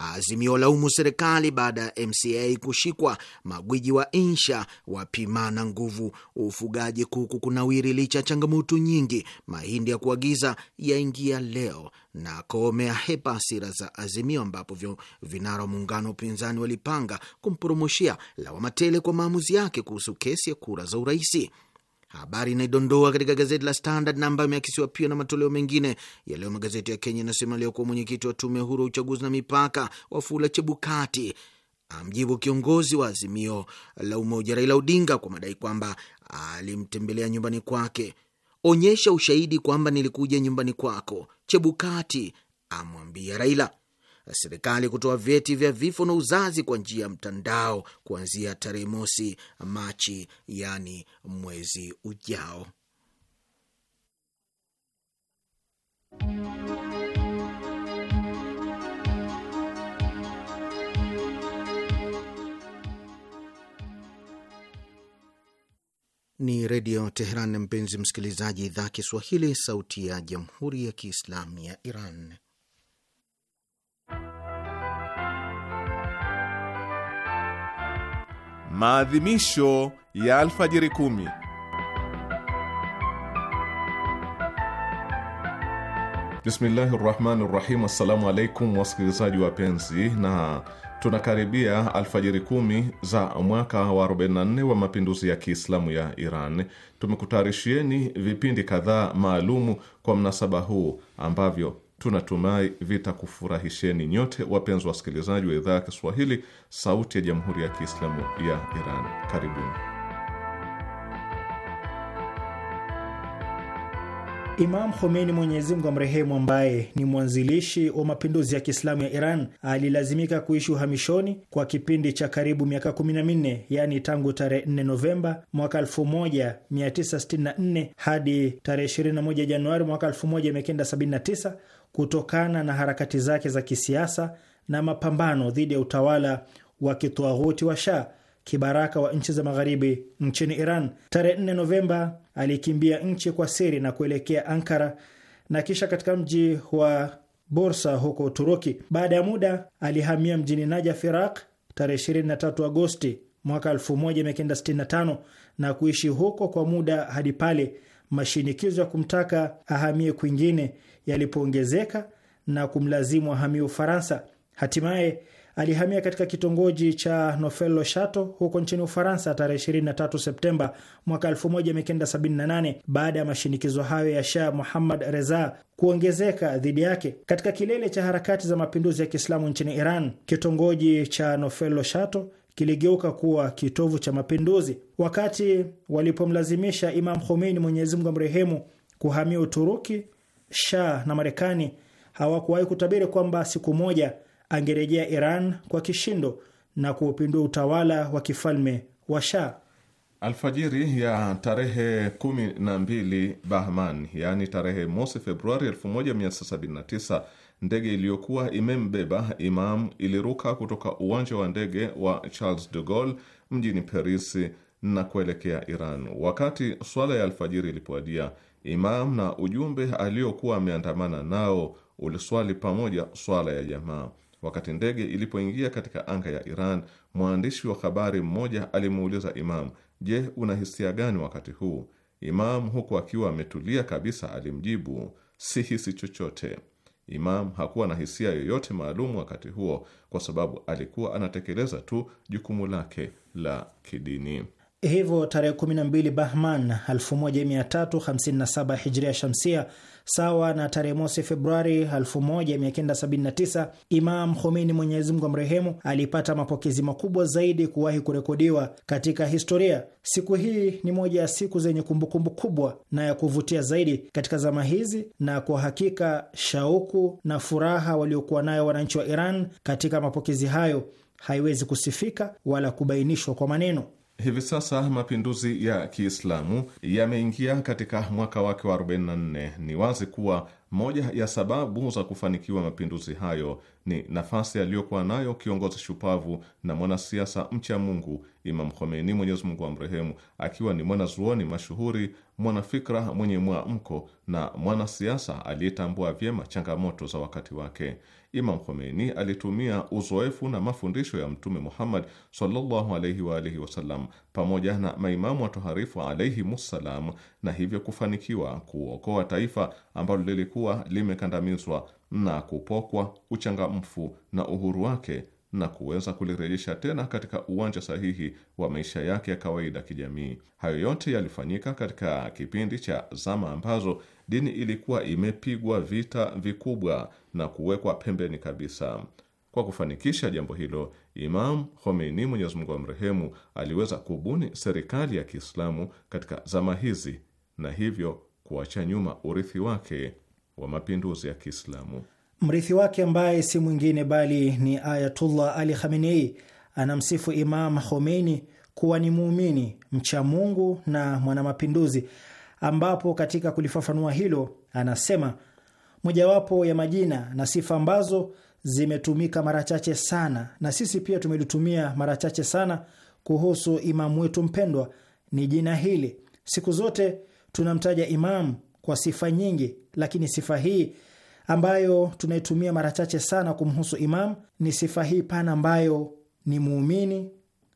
Azimio laumu serikali baada ya MCA kushikwa. Magwiji wa insha wapimana nguvu. Ufugaji kuku kunawiri licha ya changamoto nyingi. Mahindi ya kuagiza yaingia leo na komea hepa asira za Azimio, ambapo vinara wa muungano wa upinzani walipanga kumporomoshea lawama tele kwa maamuzi yake kuhusu kesi ya kura za uraisi. Habari inaidondoa katika gazeti la Standard na ambayo imeakisiwa pia na matoleo mengine ya leo magazeti ya Kenya. Inasema aliyokuwa mwenyekiti wa tume huru ya uchaguzi na mipaka Wafula Chebukati amjibu kiongozi wa Azimio la Umoja Raila Odinga kwa madai kwamba alimtembelea nyumbani kwake. Onyesha ushahidi kwamba nilikuja nyumbani kwako, Chebukati amwambia Raila serikali kutoa vyeti vya vifo na uzazi kwa njia ya mtandao kuanzia tarehe mosi Machi, yaani mwezi ujao. Ni Redio Teheran, mpenzi msikilizaji, idhaa Kiswahili, sauti ya Jamhuri ya Kiislamu ya Iran. Maadhimisho ya alfajiri kumi. Bismillahi rahmani rahim. Assalamu alaikum wasikilizaji wapenzi, na tunakaribia alfajiri kumi za mwaka wa 44 wa mapinduzi ya Kiislamu ya Iran. Tumekutayarishieni vipindi kadhaa maalumu kwa mnasaba huu ambavyo Tunatumai vitakufurahisheni nyote, wapenzi wasikilizaji wa idhaa ya Kiswahili, Sauti ya Jamhuri ya Kiislamu ya Iran. Karibuni. Imam Khomeini, Mwenyezi Mungu amrehemu, ambaye ni mwanzilishi wa mapinduzi ya Kiislamu ya Iran alilazimika kuishi uhamishoni kwa kipindi cha karibu miaka 14, yaani tangu tarehe 4 Novemba mwaka 1964 hadi tarehe 21 Januari mwaka 1979 kutokana na harakati zake za kisiasa na mapambano dhidi ya utawala wa kitwaghuti wa Shah kibaraka wa nchi za magharibi nchini Iran. Tarehe 4 Novemba alikimbia nchi kwa siri na kuelekea Ankara na kisha katika mji wa Bursa huko Uturuki. Baada ya muda alihamia mjini Najaf, Iraq tarehe 23 Agosti mwaka 1965 na kuishi huko kwa muda hadi pale mashinikizo ya kumtaka ahamie kwingine yalipoongezeka na kumlazimu ahamia Ufaransa. Hatimaye alihamia katika kitongoji cha Nofello Chateau huko nchini Ufaransa tarehe 23 Septemba mwaka 1978 baada ya mashinikizo hayo ya Shah Muhammad Reza kuongezeka dhidi yake. Katika kilele cha harakati za mapinduzi ya Kiislamu nchini Iran, kitongoji cha Nofello Chateau kiligeuka kuwa kitovu cha mapinduzi wakati walipomlazimisha Imam Khomeini, Mwenyezi Mungu amrehemu, kuhamia Uturuki. Shah na Marekani hawakuwahi kutabiri kwamba siku moja angerejea Iran kwa kishindo na kuupindua utawala wa kifalme wa Shah. Alfajiri ya tarehe 12 Bahman, yaani tarehe mosi Februari 1979, ndege iliyokuwa imembeba Imam iliruka kutoka uwanja wa ndege wa Charles de Gaulle mjini Paris na kuelekea Iran. Wakati swala ya alfajiri ilipoadia, Imam na ujumbe aliokuwa ameandamana nao uliswali pamoja swala ya jamaa. Wakati ndege ilipoingia katika anga ya Iran, mwandishi wa habari mmoja alimuuliza Imam, je, una hisia gani wakati huu? Imam huku akiwa ametulia kabisa alimjibu, si hisi chochote. Imam hakuwa na hisia yoyote maalum wakati huo, kwa sababu alikuwa anatekeleza tu jukumu lake la kidini hivyo tarehe 12 Bahman 1357 Hijria Shamsia, sawa na tarehe mosi Februari 1979, Imam Khomeini, Mwenyezi Mungu amrehemu, alipata mapokezi makubwa zaidi kuwahi kurekodiwa katika historia. Siku hii ni moja ya siku zenye kumbukumbu kubwa na ya kuvutia zaidi katika zama hizi, na kwa hakika shauku na furaha waliokuwa nayo wananchi wa Iran katika mapokezi hayo haiwezi kusifika wala kubainishwa kwa maneno. Hivi sasa mapinduzi ya Kiislamu yameingia katika mwaka wake wa 44. Ni wazi kuwa moja ya sababu za kufanikiwa mapinduzi hayo ni nafasi aliyokuwa nayo kiongozi shupavu na mwanasiasa mcha Mungu Imam Khomeini, Mwenyezi Mungu amrehemu, akiwa ni mwanazuoni mashuhuri, mwanafikra mwenye mwamko na mwanasiasa aliyetambua vyema changamoto za wakati wake. Imam Khomeini alitumia uzoefu na mafundisho ya Mtume Muhammad sallallahu wa alihi wasallam pamoja na maimamu watoharifu alaihimussalam, na hivyo kufanikiwa kuokoa taifa ambalo lilikuwa limekandamizwa na kupokwa uchangamfu na uhuru wake na kuweza kulirejesha tena katika uwanja sahihi wa maisha yake ya kawaida kijamii. Hayo yote yalifanyika katika kipindi cha zama ambazo dini ilikuwa imepigwa vita vikubwa na kuwekwa pembeni kabisa. Kwa kufanikisha jambo hilo, Imam Khomeini, Mwenyezi Mungu amrehemu, aliweza kubuni serikali ya Kiislamu katika zama hizi na hivyo kuacha nyuma urithi wake wa mapinduzi ya Kiislamu. Mrithi wake ambaye si mwingine bali ni Ayatullah Ali Khamenei anamsifu Imam Khomeini kuwa ni muumini mcha Mungu na mwanamapinduzi, ambapo katika kulifafanua hilo anasema mojawapo ya majina na sifa ambazo zimetumika mara chache sana na sisi pia tumelitumia mara chache sana kuhusu imamu wetu mpendwa ni jina hili. Siku zote tunamtaja imamu kwa sifa nyingi, lakini sifa hii ambayo tunaitumia mara chache sana kumhusu Imam ni sifa hii pana ambayo ni muumini,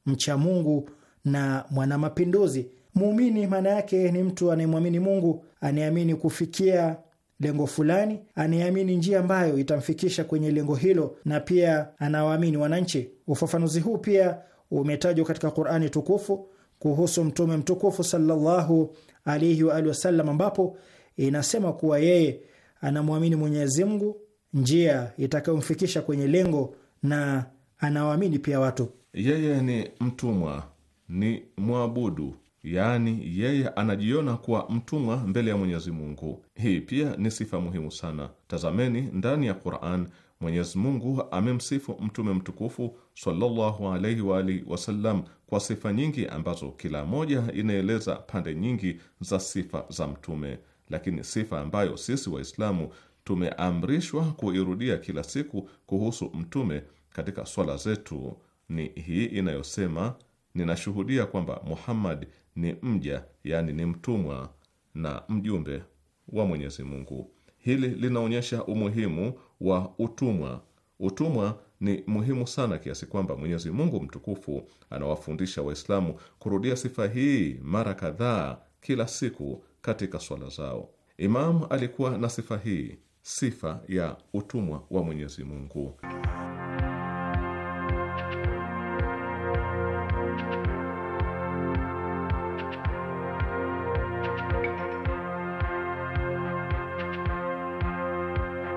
mcha Mungu na mwanamapinduzi. Muumini maana yake ni mtu anayemwamini Mungu, anayeamini kufikia lengo fulani, anayeamini njia ambayo itamfikisha kwenye lengo hilo, na pia anawaamini wananchi. Ufafanuzi huu pia umetajwa katika Qur'ani tukufu kuhusu mtume mtukufu sallallahu alayhi wa alihi wasallam, ambapo inasema kuwa yeye anamwamini Mwenyezi Mungu, njia itakayomfikisha kwenye lengo, na anawaamini pia watu. Yeye ni mtumwa, ni mwabudu, yaani yeye anajiona kuwa mtumwa mbele ya Mwenyezi Mungu. Hii pia ni sifa muhimu sana. Tazameni ndani ya Quran, Mwenyezi Mungu amemsifu Mtume mtukufu sallallahu alaihi wa alihi wasallam kwa sifa nyingi ambazo kila moja inaeleza pande nyingi za sifa za Mtume lakini sifa ambayo sisi Waislamu tumeamrishwa kuirudia kila siku kuhusu Mtume katika swala zetu ni hii inayosema, ninashuhudia kwamba Muhammad ni mja, yaani ni mtumwa na mjumbe wa Mwenyezi Mungu. Hili linaonyesha umuhimu wa utumwa. Utumwa ni muhimu sana kiasi kwamba Mwenyezi Mungu mtukufu anawafundisha Waislamu kurudia sifa hii mara kadhaa kila siku katika swala zao. Imamu alikuwa na sifa hii, sifa ya utumwa wa Mwenyezi Mungu.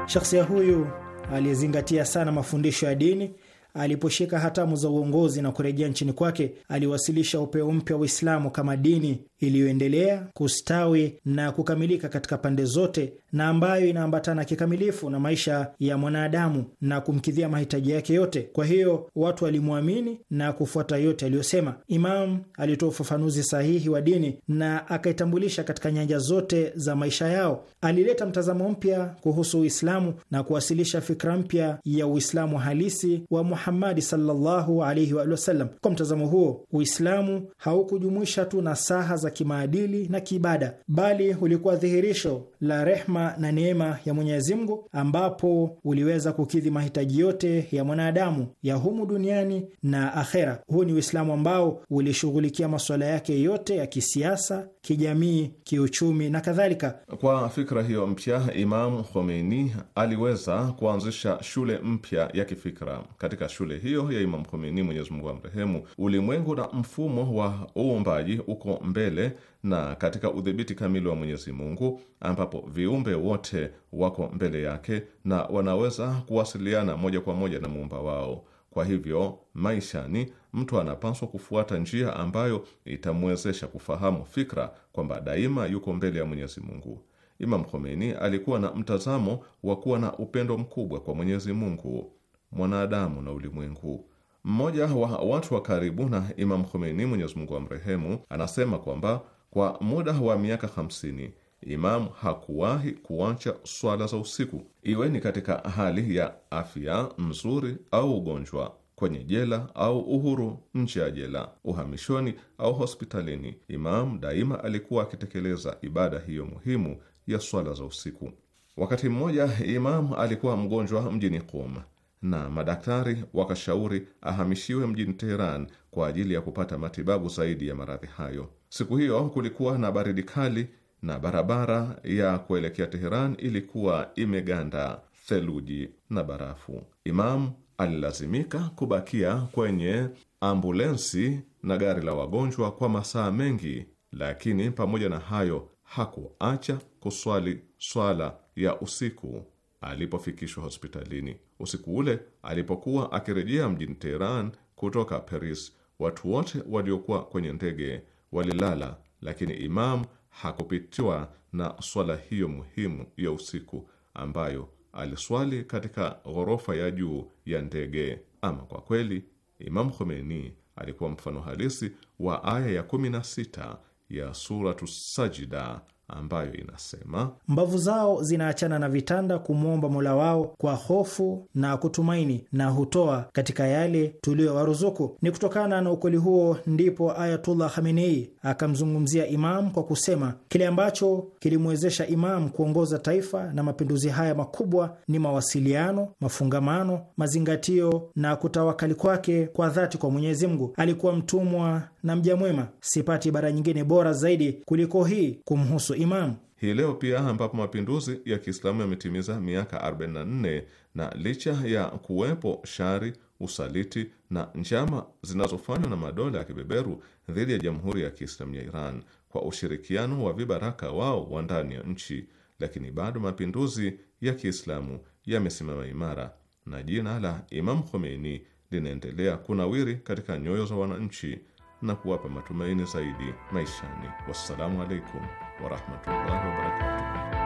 Shakhsia huyu aliyezingatia sana mafundisho ya dini aliposhika hatamu za uongozi na kurejea nchini kwake, aliwasilisha upeo mpya wa Uislamu kama dini iliyoendelea kustawi na kukamilika katika pande zote na ambayo inaambatana kikamilifu na maisha ya mwanadamu na kumkidhia mahitaji yake yote. Kwa hiyo watu walimwamini na kufuata yote aliyosema. imamu alitoa ufafanuzi sahihi wa dini na akaitambulisha katika nyanja zote za maisha yao. Alileta mtazamo mpya kuhusu Uislamu na kuwasilisha fikra mpya ya Uislamu halisi wa Muhammadi sallallahu alaihi wa sallam. Kwa mtazamo huo, Uislamu haukujumuisha tu nasaha za za kimaadili na kiibada, bali ulikuwa dhihirisho la rehma na neema ya Mwenyezi Mungu, ambapo uliweza kukidhi mahitaji yote ya mwanadamu ya humu duniani na akhera. Huu ni Uislamu ambao ulishughulikia masuala yake yote ya kisiasa, kijamii, kiuchumi na kadhalika. Kwa fikra hiyo mpya, Imam Khomeini aliweza kuanzisha shule mpya ya kifikra. Katika shule hiyo ya Imam Khomeini, Mwenyezi Mungu amrehemu, ulimwengu na mfumo wa uumbaji uko mbele milele na katika udhibiti kamili wa Mwenyezi Mungu, ambapo viumbe wote wako mbele yake na wanaweza kuwasiliana moja kwa moja na muumba wao. Kwa hivyo, maishani, mtu anapaswa kufuata njia ambayo itamwezesha kufahamu fikra kwamba daima yuko mbele ya Mwenyezi Mungu. Imam Khomeini alikuwa na mtazamo wa kuwa na upendo mkubwa kwa Mwenyezi Mungu, mwanadamu na ulimwengu. Mmoja wa watu wa karibu na Imam Khomeini, Mwenyezi Mungu amrehemu, anasema kwamba kwa muda wa miaka 50 Imam hakuwahi kuacha swala za usiku, iwe ni katika hali ya afya nzuri au ugonjwa, kwenye jela au uhuru nje ya jela, uhamishoni au hospitalini. Imam daima alikuwa akitekeleza ibada hiyo muhimu ya swala za usiku. Wakati mmoja Imam alikuwa mgonjwa mjini Qum na madaktari wakashauri ahamishiwe mjini Teheran kwa ajili ya kupata matibabu zaidi ya maradhi hayo. Siku hiyo kulikuwa na baridi kali na barabara ya kuelekea Teheran ilikuwa imeganda theluji na barafu. Imam alilazimika kubakia kwenye ambulensi na gari la wagonjwa kwa masaa mengi, lakini pamoja na hayo hakuacha kuswali swala ya usiku alipofikishwa hospitalini. Usiku ule alipokuwa akirejea mjini Teheran kutoka Paris, watu wote waliokuwa kwenye ndege walilala, lakini Imam hakupitiwa na swala hiyo muhimu ya usiku ambayo aliswali katika ghorofa ya juu ya ndege. Ama kwa kweli Imam Khomeini alikuwa mfano halisi wa aya ya 16 ya suratu Sajida ambayo inasema mbavu zao zinaachana na vitanda kumwomba Mola wao kwa hofu na kutumaini, na hutoa katika yale tuliyowaruzuku. Ni kutokana na ukweli huo ndipo Ayatullah Khamenei akamzungumzia Imam kwa kusema kile ambacho kilimwezesha Imam kuongoza taifa na mapinduzi haya makubwa ni mawasiliano, mafungamano, mazingatio na kutawakali kwake kwa dhati kwa Mwenyezi Mungu. Alikuwa mtumwa na mja mwema, sipati ibara nyingine bora zaidi kuliko hii kumhusu Imamu. Hii leo pia ambapo mapinduzi ya Kiislamu yametimiza miaka 44 na licha ya kuwepo shari, usaliti na njama zinazofanywa na madola ya kibeberu dhidi ya Jamhuri ya Kiislamu ya Iran kwa ushirikiano wa vibaraka wao wa ndani ya nchi, lakini bado mapinduzi ya Kiislamu yamesimama imara na jina la Imam Khomeini linaendelea kunawiri katika nyoyo za wananchi na kuwapa matumaini zaidi maishani. Wassalamu alaikum warahmatullahi wabarakatuh.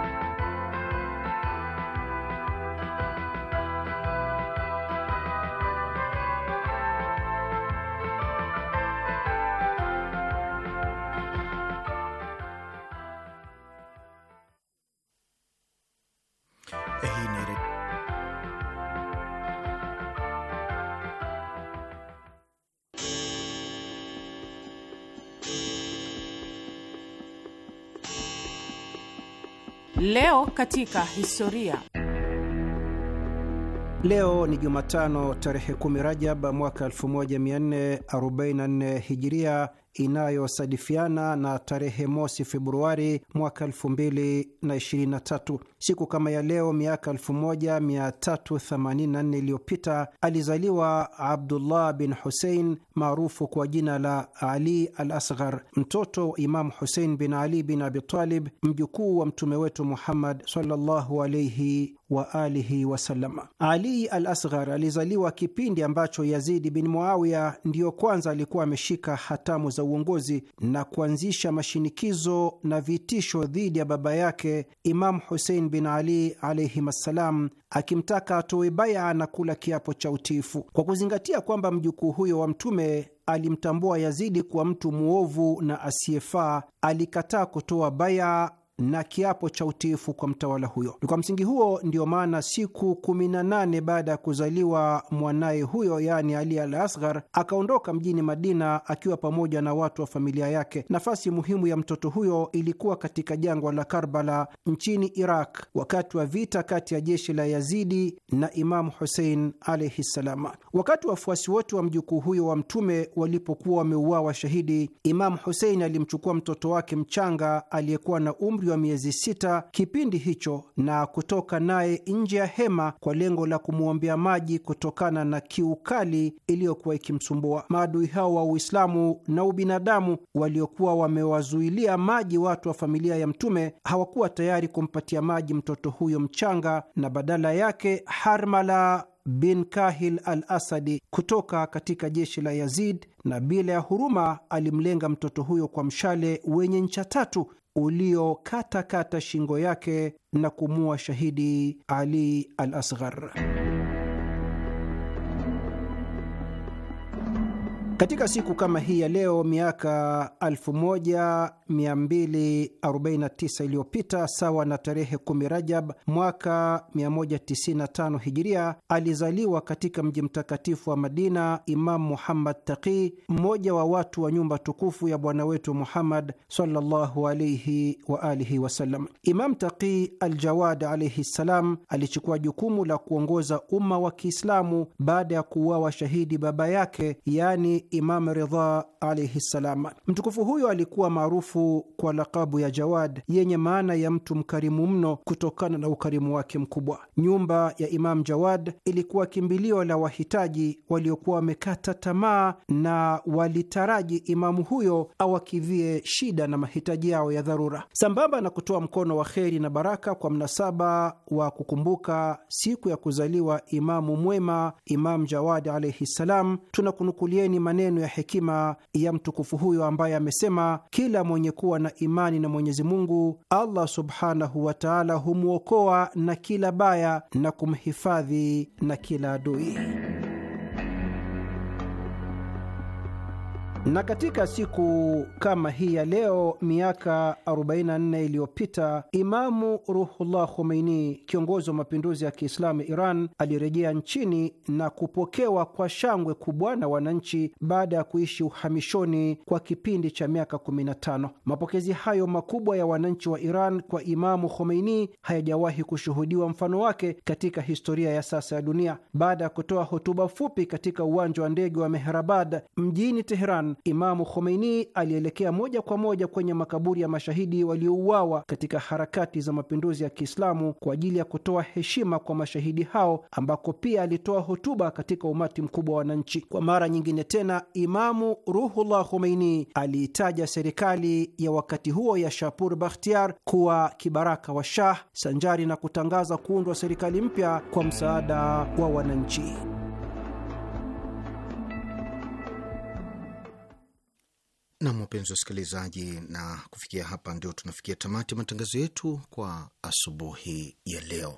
katika historia. Leo ni Jumatano tarehe 10 Rajab mwaka 1444 Hijiria, inayosadifiana na tarehe mosi Februari mwaka tatu. Siku kama ya leo miaka nne iliyopita alizaliwa Abdullah bin Husein maarufu kwa jina la Ali al Asghar, mtoto wa Imamu Husein bin Ali bin Abitalib, mjukuu wa mtume wetu Muhammad sallallahu alaihi wa alihi wasallam. Ali al Asghar alizaliwa kipindi ambacho Yazidi bin Muawiya ndiyo kwanza alikuwa ameshika hatamu za za uongozi na kuanzisha mashinikizo na vitisho dhidi ya baba yake Imamu Husein bin Ali alaihim assalam, akimtaka atoe baya na kula kiapo cha utiifu. Kwa kuzingatia kwamba mjukuu huyo wa Mtume alimtambua Yazidi kuwa mtu mwovu na asiyefaa, alikataa kutoa baya na kiapo cha utiifu kwa mtawala huyo. Ni kwa msingi huo ndiyo maana siku kumi na nane baada ya kuzaliwa mwanaye huyo, yaani Ali al Asghar, akaondoka mjini Madina akiwa pamoja na watu wa familia yake. Nafasi muhimu ya mtoto huyo ilikuwa katika jangwa la Karbala nchini Iraq, wakati wa vita kati ya jeshi la Yazidi na Imamu Husein alaihi ssalam. Wakati wafuasi wote wa mjukuu huyo wa Mtume walipokuwa wameuawa shahidi, Imamu Husein alimchukua mtoto wake mchanga aliyekuwa na umri wa miezi sita kipindi hicho na kutoka naye nje ya hema kwa lengo la kumwombea maji kutokana na kiu kali iliyokuwa ikimsumbua. Maadui hao wa Uislamu na ubinadamu waliokuwa wamewazuilia maji watu wa familia ya Mtume hawakuwa tayari kumpatia maji mtoto huyo mchanga, na badala yake Harmala bin Kahil al Asadi kutoka katika jeshi la Yazid na bila ya huruma alimlenga mtoto huyo kwa mshale wenye ncha tatu uliokatakata shingo yake na kumua shahidi Ali al Asghar. Katika siku kama hii ya leo miaka 1249 iliyopita sawa na tarehe 10 Rajab mwaka 195 Hijiria, alizaliwa katika mji mtakatifu wa Madina Imamu Muhammad Taqi, mmoja wa watu wa nyumba tukufu ya bwana wetu Muhammad sallallahu alaihi wa alihi wasallam. Imam Taqi Aljawad alaihi ssalam alichukua jukumu la kuongoza umma wa Kiislamu baada ya kuuawa shahidi baba yake, yani Imam Ridha alaihi ssalam. Mtukufu huyo alikuwa maarufu kwa lakabu ya Jawad yenye maana ya mtu mkarimu mno kutokana na ukarimu wake mkubwa. Nyumba ya Imam Jawad ilikuwa kimbilio la wahitaji waliokuwa wamekata tamaa na walitaraji imamu huyo awakidhie shida na mahitaji yao ya dharura, sambamba na kutoa mkono wa kheri na baraka kwa mnasaba wa kukumbuka siku ya kuzaliwa imamu mwema Imam Jawad alaihi ssalam. Tunakunukulieni maneno maneno ya hekima ya mtukufu huyo ambaye amesema, kila mwenye kuwa na imani na Mwenyezi Mungu Allah subhanahu wa taala humwokoa na kila baya na kumhifadhi na kila adui. Na katika siku kama hii ya leo miaka 44 iliyopita Imamu Ruhullah Khomeini, kiongozi wa mapinduzi ya Kiislamu Iran, alirejea nchini na kupokewa kwa shangwe kubwa na wananchi baada ya kuishi uhamishoni kwa kipindi cha miaka 15. Mapokezi hayo makubwa ya wananchi wa Iran kwa Imamu Khomeini hayajawahi kushuhudiwa mfano wake katika historia ya sasa ya dunia. Baada ya kutoa hotuba fupi katika uwanja wa ndege wa Mehrabad mjini Teheran, Imamu Khomeini alielekea moja kwa moja kwenye makaburi ya mashahidi waliouawa katika harakati za mapinduzi ya Kiislamu kwa ajili ya kutoa heshima kwa mashahidi hao, ambako pia alitoa hotuba katika umati mkubwa wa wananchi. Kwa mara nyingine tena, Imamu Ruhullah Khomeini aliitaja serikali ya wakati huo ya Shapur Bakhtiar kuwa kibaraka wa Shah, sanjari na kutangaza kuundwa serikali mpya kwa msaada wa wananchi. Nam, wapenzi wasikilizaji, na kufikia hapa ndio tunafikia tamati matangazo yetu kwa asubuhi ya leo